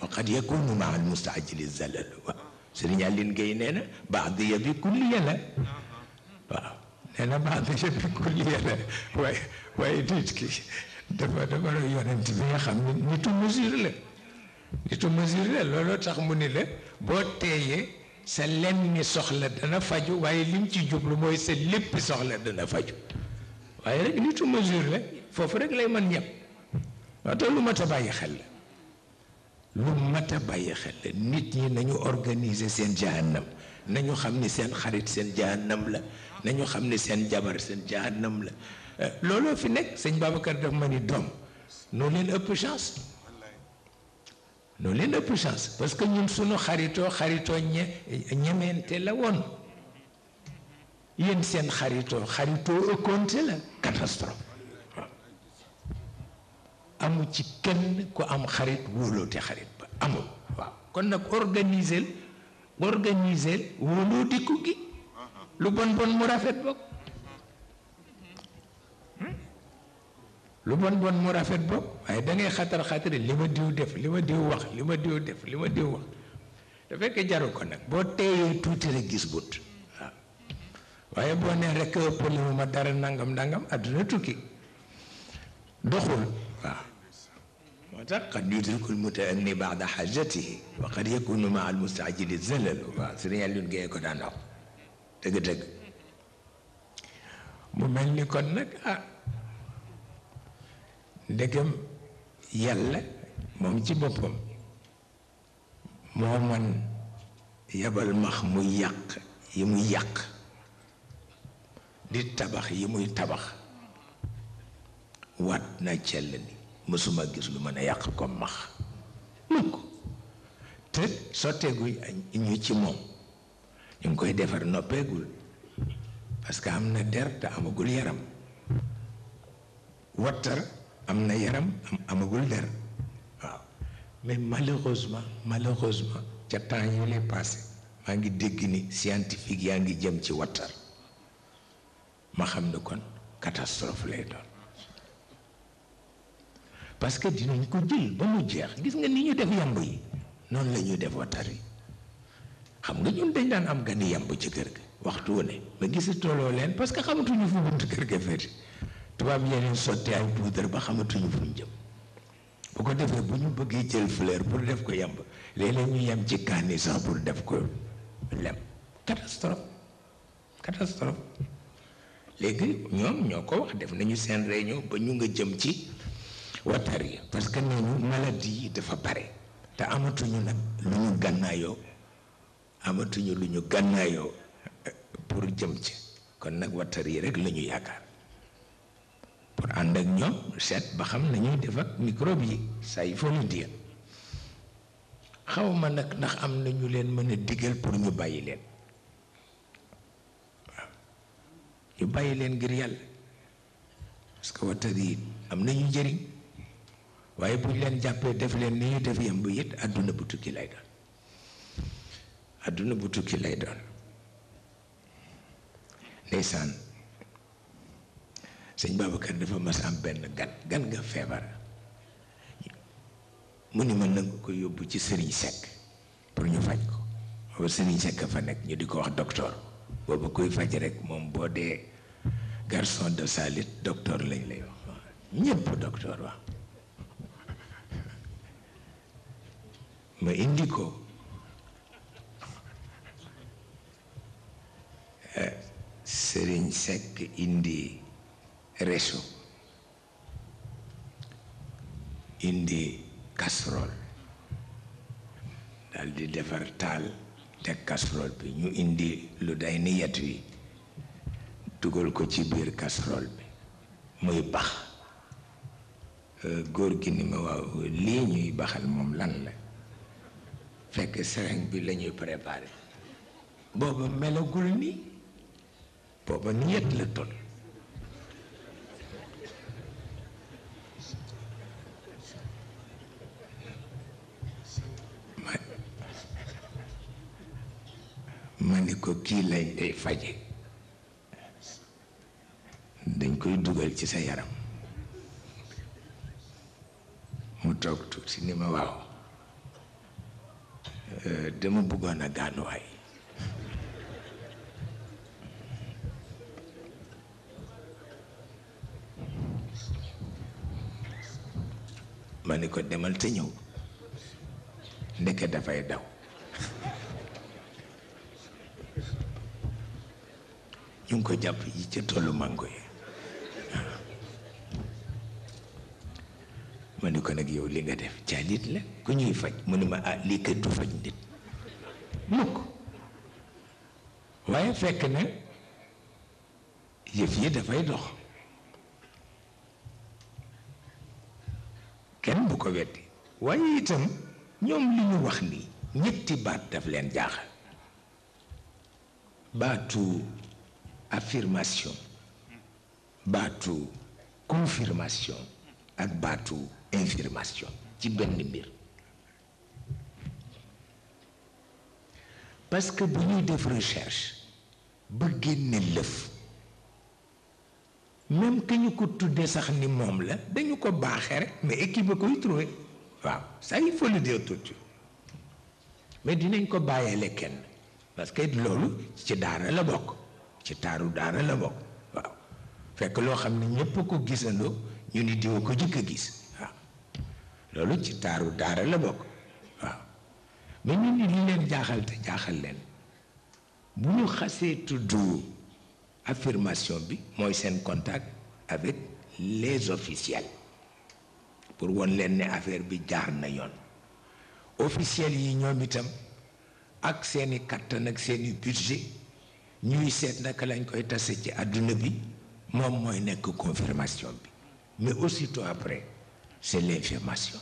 wa qad yakunu maa al mustaajili zalal waaw Sëriñ Aline Gueye bi kulliya la waaw nee na bi kulliya la waaye waaye nit dafa dafa yonent bi nga xam ne nitu mesure la nitu mesure la looloo tax mu ni la boo teeyee sa lenn ni soxla dana faju waaye lim ci jublu mooy sa léppi soxla dana faju waaye rek nitu mesure la foofu rek lay mën ñëpp waaw te lu mat a bàyyi xel la lu mat a bàyyi xel la nit ñi nañu organiser seen jahannam nañu xam ni seen xarit seen jahannam la nañu xam ni seen jabar seen jahannam la lolo fi nek seigne Babacar daf mani dom. Nous n'avons chance Nous len ëpp chance parce que ñun suñu xarito xarito ñe ñemente la won yeen seen xarito faire, ëkkoonte la catastrophe amu ci kenn ko am xarit xarit ba amu kon nak organiser organiser gi lu bon bon mu rafet bokk lu bon bon mu rafet ba waaye da ngay xatar xatari li ma diw def li ma diw wax li ma diw def li ma diw wax te fekk jaru ko nag boo teeyee tuuti rek gis but waaw waaye boo nee rek ëppalewu ma dara nangam nangam àdduna tukki doxul waaw moo tax qad yudrikul mutaanni baada xajatihi wa qad yakunu maa al mustaajili zalalu waaw Sëriñ Aliou Guèye ko daan wax dëgg-dëgg mu mel ni kon nag ah ndegam yàlla moom ci boppam moo man yabal max muy yàq yi muy yàq di tabax yi muy tabax waat na cell ni mësuma gis lu mën a yàq ko max mën ko te ñu ci moom ñu ngi koy defar noppeegul parce que am na der te amagul yaram wattar am na yaram am amagul der waaw mais malheureusement malheureusement ca temps yu lay passé maa ngi dégg ni scientifique yaa ngi jëm ci wattar ma xam ne kon catastrophe lay doon parce que dinañ ko jël ba mu jeex gis nga ni ñu def yamb yi noonu la ñuy def wattar yi xam nga ñun dañ daan am gani yamb ci kër gi waxtu wu ne ma gisi tolloo leen parce que xamatuñu fu buntu kër ga féete tubaab yee leen sotti ay poudre ba xamatuñu fu ñu jëm bu ko defee bu ñu bëggee jël fleur pour def ko yemb léeg-léeg ñu yem ci kaani sax pour def ko lem catastrophe catastrophe léegi ñoom ñoo ko def nañu seen réunion ba ñu nga jëm ci watar yi parce que nañu maladie yi dafa bare te amatuñu nag lu amatuñu lu ñu gànnaayoo eh, pour jëm ci kon nag watar yi rek la ñu yaakaar pour ànd ak ñoom seet ba xam nañuy def ak microbe yi ça il faut le dire xaw ma nag ndax am na ñu leen mën a digal pour ñu bàyyi leen waaw ñu bàyyi leen ngir yàlla parce que yi am nañu njëriñ waaye bu ñu leen jàppee def leen ni ñu def yem bu it àdduna bu tukki lay doon àdduna bu tukki lay doon ndeysaan sëñ Babacar dafa mas am benn gan gan nga feebar mu ni ma nangu ko yóbbu ci Serigne Seck pour ñu faj ko booba Serigne Seck fa nekk ñu di ko wax doktoor booba koy faj rek moom boo dee garçon de salit docteur lañ lay wax ñëpp docteur waaw ma indi ko eh, Serigne Seck indi réchaud indi casserole daldi defar taal teg casserole bi ñu indi lu day ni yet wi dugal ko ci biir casserole bi muy bax euh, góor gi ni ma waaw lii ñuy baxal moom lan la fekk seringue bi lañuy ñuy préparé booba melagul ni booba ni yet la toll faje dañ koy dugal ci sa yaram mu toog si ni ma waaw euh, dama bëggoon a gaanuwaay ma ni ko demal te ñëw ndeke dafay daw ñu ngi ko jàpp yi ca tollu mango yi ma ni ko nag yow li nga def caa caalit la ku ñuy faj mu ne ma ah lii kër faj nit mukk waaye fekk na yëf yi dafay dox kenn bu ko weddi waaye itam ñoom li ñu wax ni ñetti baat daf leen jaaxal baatu affirmation batu confirmation ak batu infirmation ci ben bir parce que bu ñuy def recherche ba génne leuf même que ñu ko tuddé sax ni mom la dañu ko baaxee rek mais équipe ba y trouvé waaw ça il faut le dire tout de suite mais dinañ ko lé kenn parce que lolu ci dara la bokk ci taru dara la bok waaw fekk lo xamni ñepp ñëpp ko gisandoo ñu ni diw ko jëkk a gis waaw loolu ci taru dara la bok waaw mais ñu ni li leen jaaxal te jaaxal leen bu ñu xasse tuddu affirmation bi moy sen contact avec les officiels pour won leen ne affaire bi jaar na yoon officiels yi ñoom itam ak seeni kattan ak seeni budget ñuy seet naka lañ koy tase ci àdduna bi moom mooy nekk confirmation bi mais aussitôt après c'est l'infirmation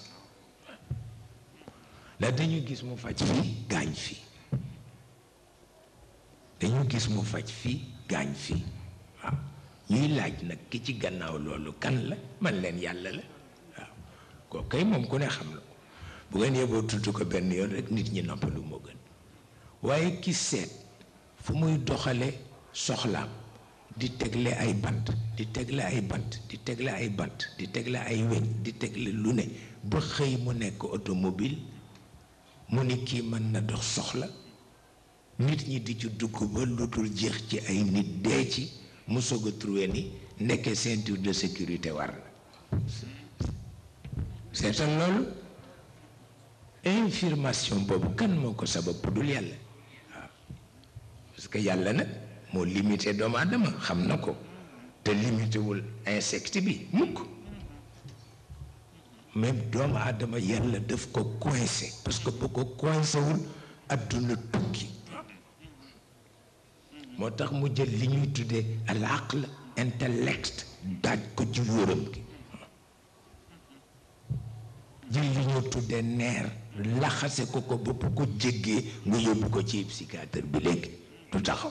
la dañu gis mu faj fii gaañ fii dañu gis mu faj fii gaañ fii waaw ñuy laaj nag ki ci gannaaw loolu kan la man leen yàlla la waaw kooku kay moom ku ne xam na bu ngeen yeboo tudd ko benn yoon rek nit ñi noppalu moo gën waaye ki seet fu muy doxale soxlaam di tegle ay bant di tegle ay bant di tegle ay bant di tegle ay weñ di tegle lu ne ba xëy mu nekk automobile mu ni kii mën na dox soxla nit ñi di ci dugg ba lu dul jeex ci ay nit dee ci mu soog a trouvé ni nekkee ceinture de sécurité war na seetal loolu infirmation boobu kan moo ko sabab bu dul yàlla parce que yalla nag mo limité doomu adama xam na te limité wul insecte bi mukk même doomu adama yalla def ko coincé parce que bu ko coincé wul aduna tukki motax mu jël li ñuy al aql intellect daaj ko ci wóoram gi jël li ñuy tuddee neer laxase ko ko ba ko jéggee nga yóbbu ko ci psychiatre bi léegi du taxaw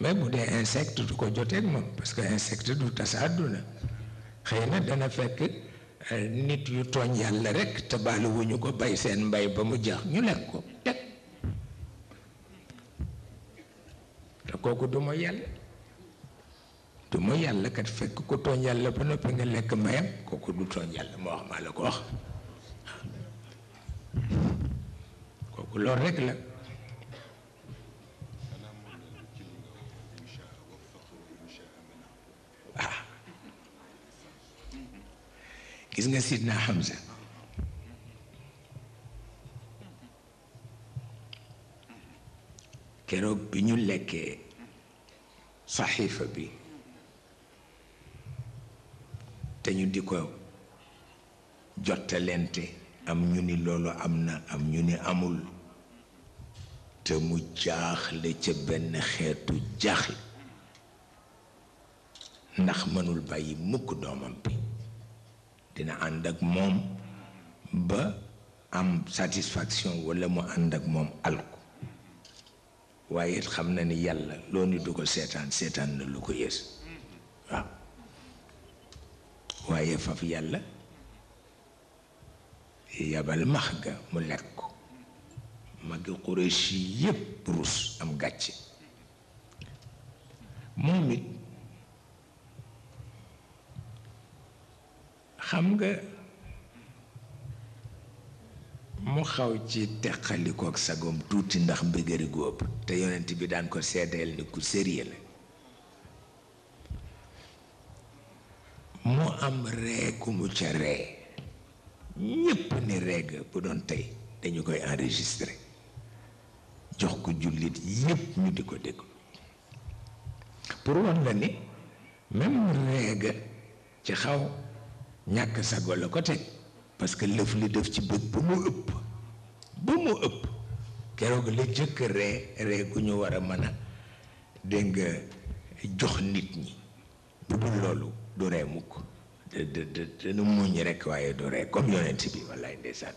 mais bu dee insecte du ko joteeg moom parce que insecte du tasa adduna xëy na dana fekk euh, nit yu tooñ yàlla rek te ñu ko bay seen mbay ba mu jeex ñu lekk ko teg te kooku du ma yàlla du ma yàlla kat fekk ku tooñ yàlla ba noppi nga lekk mayam kooku du tooñ yàlla ma wax maa la ko wax kooku loolu rek la إذن سيدنا حمزة كانوا بنيون لك صحيفة بي تنيو ديكو جوتالنتي أم نيوني لولو أمنا أم نيوني أمول تمو جاخل تبن خيرتو جاخل نخمنو الباي مكو دومن بي dina ànd ak moom ba am satisfaction walla mu ànd ak moom alko waaye xam na ni yàlla loo ni du ko seetaan seetaan na lu ko yées waaw waaye faf yàlla yabal max ga mu lekk ko magi Quraysh yi yépp rus am gàcc moom it xam nga mu xaw ci teqalikook sagoom tuuti ndax mbëggëri gu te yonent bi daan ko seedeel ni ku sérieux la mu am ree ku mu ca ree ñépp ni reeg bu doon tey dañu koy enregistré jox ko jullit yépp ñu di ko déglu pour wan la ni même reega ci xaw ñàkk sago la ko teg parce que lëf li def ci bët bu mu ëpp bu mu ëpp keroog la jëkk ree ree gu ñu war a mën a dégg nga jox nit ñi bu dul loolu du ree mukk de de de dana muñ rekk waaye du ree comme bi wallaay ndeysaan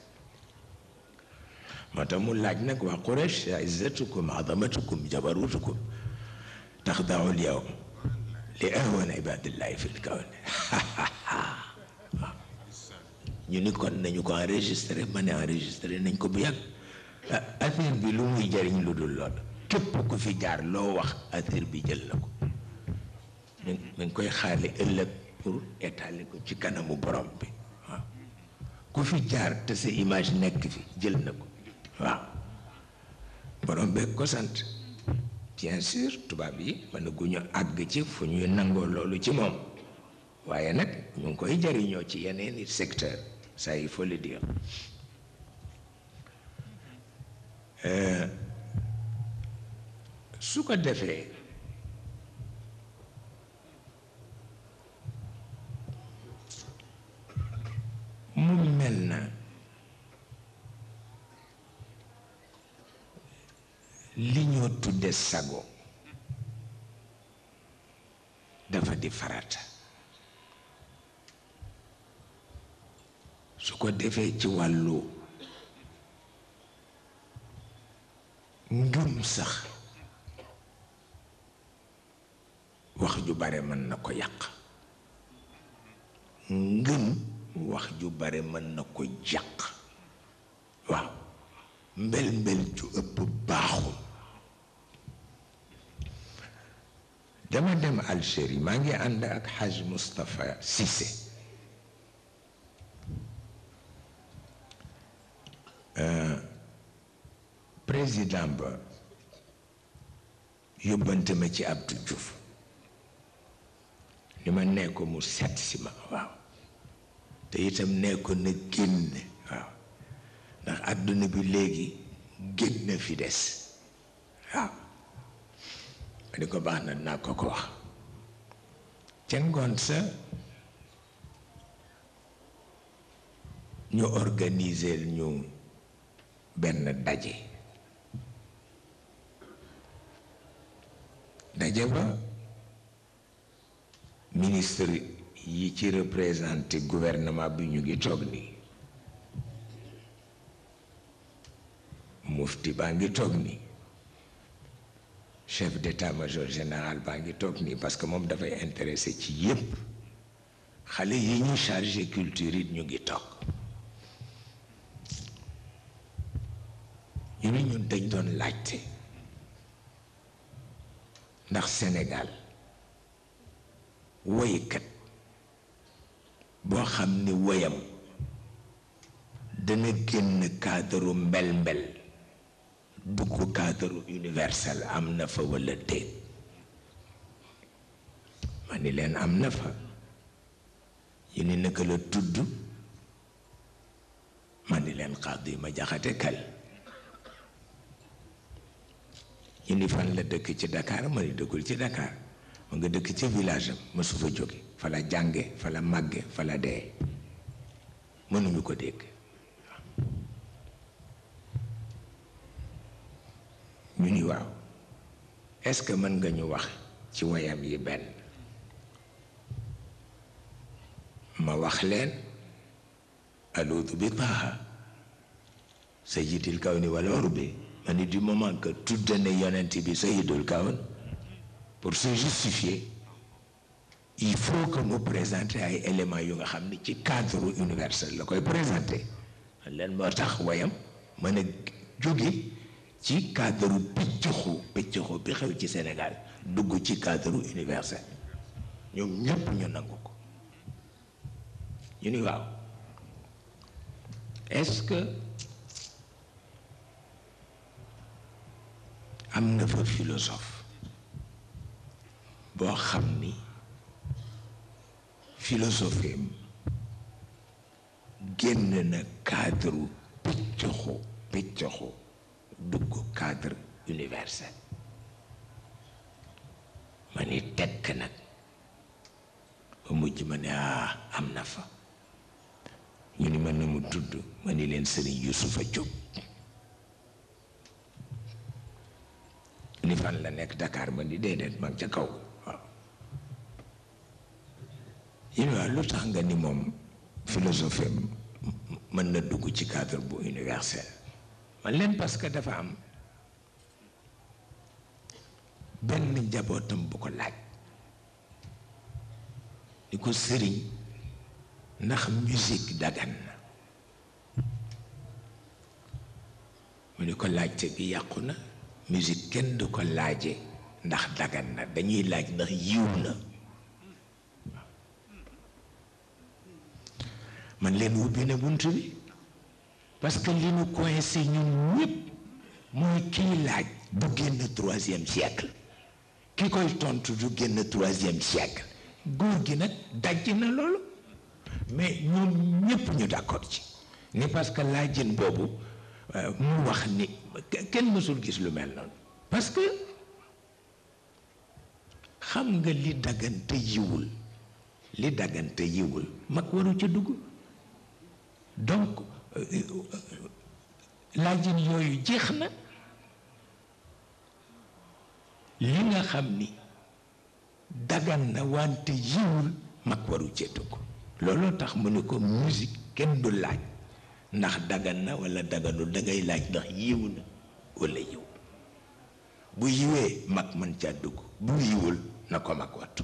moo tax mu laaj nag waa Quraysh izzatukum azamatukum jabarutukum taxdaul yawm li ahwana ibadillahi fil kawn ñu ni kon nañu ko enregistré ma ne enregistré nañ ko bu yàgg ah, affaire bi lu muy jariñ lu dul lool képp ku fi jaar loo wax affaire bi jël na ko mu ngi koy xaale ëllëg pour étaler ko ci kanamu borom bi waaw ku fi jaar te sa image nekk fi jël na ko waaw borom beeg ko sant bien sûr tubaab yi mënaguñu àgg ci fu ñuy nangoo loolu ci moom waaye nag ñu ngi koy jariñoo ci yeneen i secteur Ça, il faut le dire. Euh, su ko defee mu mel na li ñoo tudde sago dafa di farata su ko defee ci wàllu ngëm sax wax ju bare mën na ko yàq ngëm wax ju bare mën na ko jàq waaw mbel mbel ju ëpp baaxul dama dem Algérie maa ngi ànd ak Haj Moustapha Cissé Euh, président ba yóbbante ma ci Abdou Diouf ni ma nee ko mu set ma waaw te itam nee ko na génn waaw ndax àdduna bi léegi génn fi des waaw ma ko baax na naa ko ko wax ca ngoon sa ñu organiser ñu benn daje daje ba ministre yi ci représenté gouvernement bi ñu ngi toog nii mufti baa ngi toog ni chef d'état-major général baa ngi toog nii parce que moom dafay intéressé ci yépp xale yi ñu chargé culture yi ñu ngi toog ñu ne ñun dañ doon laajte ndax senegaal woykat boo xam ni woyam dana génn cadre mbel-mbel dugg cadre universel am na fa walla déet ma ni leen am na fa ñu ne naka la tudd ma ni leen xaadi ma jaxate kal ñu fan la dëkk ci Dakar ma ni dëkkul ci Dakar ma nga dëkk ci village am ma su fa jóge fa la jànge fa la màgge fa la dee mënuñu ko dégg ñu ni waaw est-ce que mën nga ñu wax ci wayam yi benn ma wax leen aluudu bi taaha sayyidil kawni wal urbi On est du moment que tout donné Yonenti bi Sayyidul Kawn, pour se justifier, il faut que nous présentions ay éléments yu nga xam ni ci cadre universel la koy présenté leen moo tax wayam mën a jóge ci cadre piccuxu piccuxu bi xew ci Sénégal dugg ci cadre universel ñoom ñëpp ñu nangu ko ñu ni waaw est-ce que am na fa philosophe boo xam ni philosophie génn na cadre piccoxu piccoxu dugg cadre universel ma ni tekk nag ba mujj ma ne ah am na fa ñu ni mën na mu tudd ma ni leen Sëriñ Yusufa Jóob ni fan la nekk dakaar ma ni déedéet ma ca kaw waaw yéen lu tax nga ni moom philosophie mën na dugg ci cadre bu universel man leen parce que dafa am benn njabootam bu ko laaj di ko sëriñ ndax musique dagan na mu ni ko laajte bi yàqu na musique kenn du ko laaje ndax dagan na dañuy laaj ndax yiw na man leen ubbi na bunt bi parce que li ñu coincé ñun ñëpp mooy kiy laaj du génn troisième siècle ki koy tontu du génn troisième siècle góor gi nag daj na loolu mais ñun ñëpp ñu d'accord ci ni parce laajin boobu mu euh, wax ni kenn mësul gis lu mel noonu parce que xam nga li daggante yiwul li daggante yiwul mag waru ci dugg donc euh, laajin yooyu jeex na li nga xam ni dagan na wante yiwul mag waru ca dugg looloo tax mu ne ko musique kenn du laaj ndax dagan na wala daganul dangay laaj ndax yiw na wala yiw bu yiwee mag mën caa dugg bu yiwul na ko mag wattu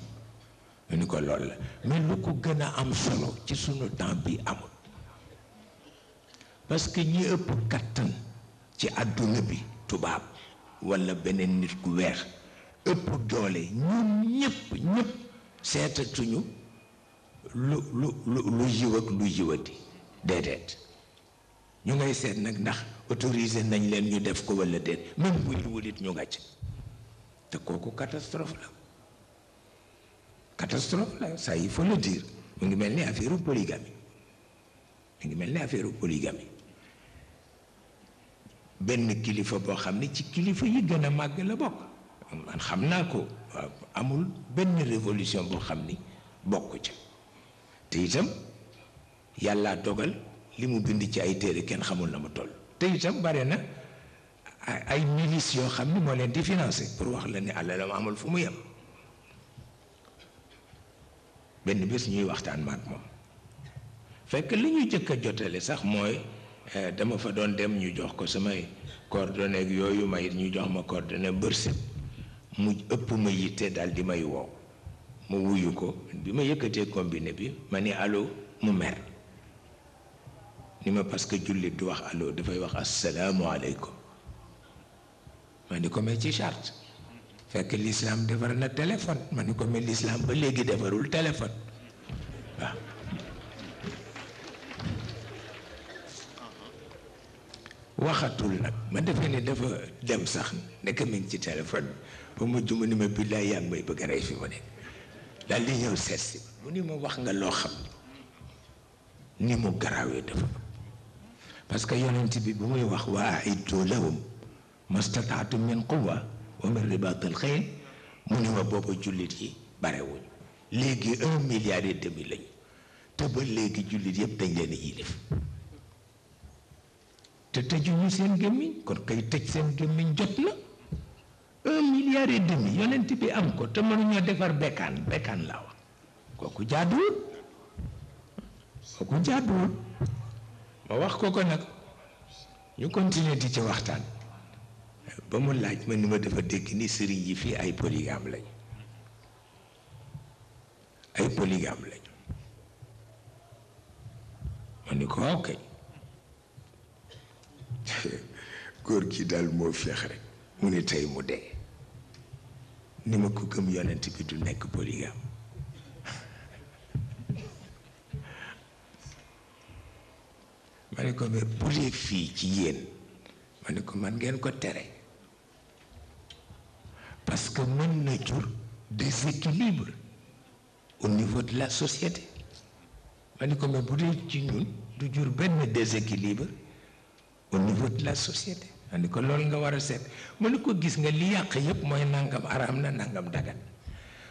ñu ni ko lool la mais lu ko gën a am solo ci sunu temps bi amul parce que ñi ëpp kattan ci àdduna bi tubaab wala beneen nit ku weex ëpp doole ñun ñëpp ñëpp seetatuñu lu lu lu yiw lu yiwati déedéet ñu ngay seet nag ndax autorisé nañ leen ñu def ko walla déet même bu ñu wulit ñu ngàcc te kooku catastrophe la catastrophe la ça il faut le dire mu ngi mel ni affaire polygamie mu ngi mel ni affaire polygamie benn kilifa boo xam ne ci kilifa yi gën a màgg la bokk man xam naa ko amul benn révolution boo xam ni bokk ca te itam yàlla dogal li mu bind ci ay téere kenn xamul na mu toll te itam bare na ay milice yoo xam ni moo leen di financé pour wax la ne àlalam amul fu mu yem benn bés ñuy waxtaan maak moom fekk li ñu jëkk a jotale sax mooy eh, dama fa doon dem ñu jox ko samay coordonnées yooyu may ñu jox ma coordonnées bërsëb mu ëpp ma yitte daal di may woow mu wuyu ko bi ma yëkkatee combiné bi ma ni allo mu mer ni ma parce que jullit du wax allo dafay wax asalaamualeykum ma ni ko mais ci charte fekk l'islam defar na téléphone ma ni ko mais l'islam ba léegi defarul téléphone waaw waxatul nag ma defee ne dafa dem sax nekk mi ngi ci téléphone bi ba mu juma ni ma billaay yaa ngi may bëgg a rey fi ma ne daal di ñëw seet si mu ni ma wax nga loo xam ni mu garaawee dafa بس يونس بيبوي بوي واحد لهم ما استطعتم من قوه ومن رباط الخيل من هو بوبو جوليت كي باريو ليغي 1 مليار دمي لا تبا ليغي جوليت ييب دنج لين ييلف تتجو سين جيمين كون كاي تيج سين جيمين جوتنا 1 مليار دمي يونس بي ام كو تما نيو ديفار بكان بكان لا كوكو جادو كوكو جادو ma wax ko ko nag ñu continuer di ci waxtaan ba mu laaj ma ni ma dafa dégg ni sëriñ yi fii ay polygame lañ ay polygame lañ ma ni ko waaw kay góor gi daal moo feex rek mu ni tey mu dee ni ma ko gëm yonent bi du nekk polygame ma ne ko fii ci yéen ko man ngeen ko tere parce que mën na jur déséquilibre au niveau de la société ma ne ko mais bu dee ci ñun du jur benn déséquilibre au niveau de la société ma ne ko lool nga war a set ma ne ko gis nga li yàq yëpp mooy nangam araam na nangam dagan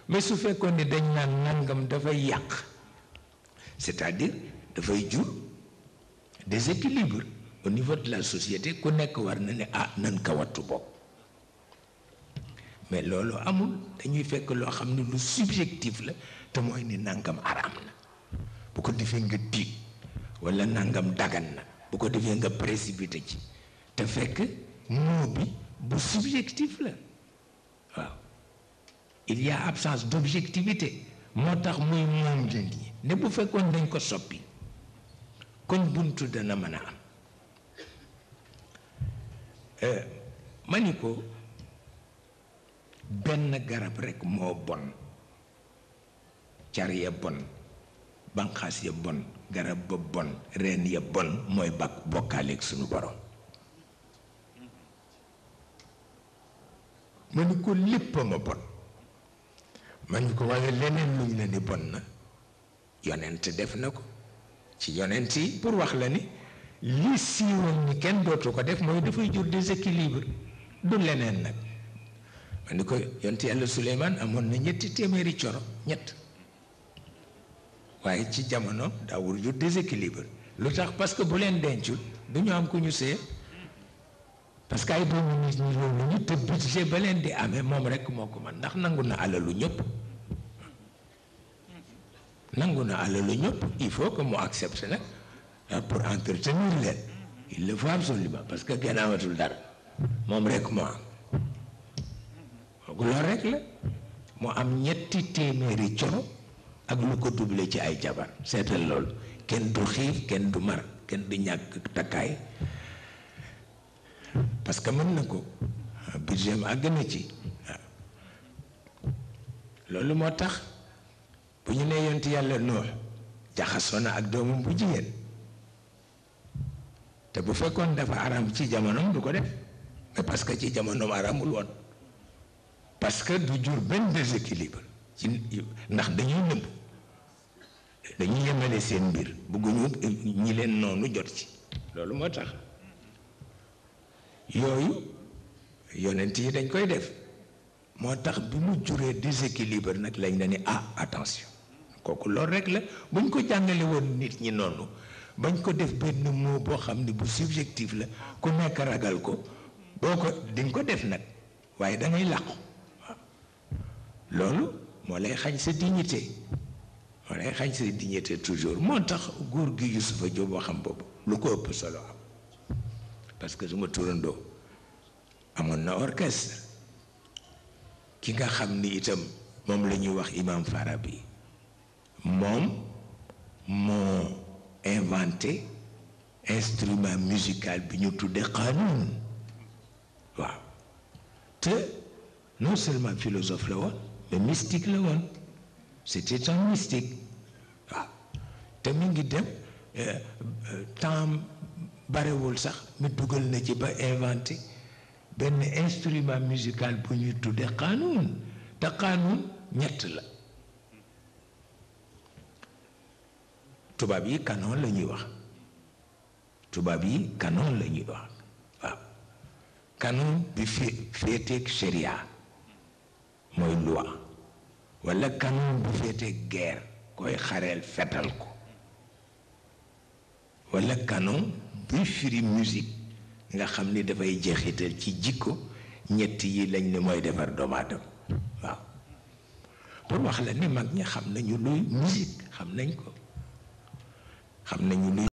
mais su fekkoon ni dañ naan nangam dafay yàq c'est-à-dire dafay jur des équilibres au niveau de la société ku nekk war na ne ah nan ko wattu mais loolu amul dañuy fekk loo xam subjectif la te mooy ni nangam aram. na bu ko defee nga nangam dagan na bu ko defee nga précipité ci te fekk mot bi bu subjectif la waaw il y a absence d'objectivité motax moy muy moom la ne bu fekkoon dañ ko soppi kon buntu dana mën a am euh, ma ko benn garab rekk moo bon car ya bon banqaas ya bon garab ba bon reen ya bon mooy bak bokkaaleeg sunu borom ma ko lépp ma bon ma ko waaye leneen luñ la ni bon na yonent def na ko ci yonent yi pour wax la ni li siiwoon ñi kenn dootu ko def mooy dafay jur déséquilibre du leneen nag ma ni ko yonent yàlla Suleymaan amoon na ñetti téeméeri coro ñett waaye ci jamono daawul jur déséquilibre lu tax parce que bu leen dencul du ñu am ku ñu see parce que ay doomu nit ñi loolu ñu te budget ba leen di amee moom rekk moo ko man ndax nangu na alalu ñëpp nangu na alalu ñëpp il faut que mu accepte nag euh, pour entretenir leen il le faut absolument parce que kenn amatul dara moom rek moo am loolu rek la mu am ñetti téeméeri coro ak lu ko doublé ci ay jabar seetal loolu kenn du xiif kenn du mar kenn du ñàkk takkaay parce que mën na ko budget àgg na ci loolu moo tax bu ñu nee yont yàlla noox jaxasoo na ak doomam bu jigéen te bu fekkoon dafa aram ci jamonoom du ko def mais parce que ci jamonoom aramul woon parce que du jur benn déséquilibre ci ndax dañuy nëbb dañuy yemale seen mbir bëgguñu ñi leen noonu jot ci loolu moo tax yooyu yonent yi dañ koy def moo tax bi mu juree déséquilibre nag lañ ne ni ah attention kooku loolu rek la bu buñ ko jàngale woon nit ñi noonu bañ ko def benn mot boo xam ne bu subjectif la ku nekk ragal ko boo ko di ko def nag waaye dangay ngay làqu waaw loolu moo lay xañ sa dignité xañ sa dignité toujours moo tax góor gi Yusufa Jóob xam boobu lu ko ëpp solo parce que suma turandoo amoon na orchestre ki nga xam ni moom la ñuy wax imam Farabi Mon, mon inventé instrument musical bi ñu tuddé xanuun waaw te non seulement philosophe la mais mystique la c'était un mystique Wa, te mi ngi dem euh, euh, temps wul sax mi duggal na ci ba inventé ben instrument musical bu ñu tuddé xanuun Ta ñett la tubaab yi canon la ñuy wax tubaab yi canon la ñuy wax waaw canon bi fé féeteeg sharia mooy loi walla canon bi féeteeg guerre koy xareel fetal ko walla canon bi firi musique nga xam ni dafay jeexital ci jikko ñett yi lañ ne mooy defar doomu aadama waaw pour wax la ni mag ñi xam nañu luy musique xam nañ ko xam nañu luy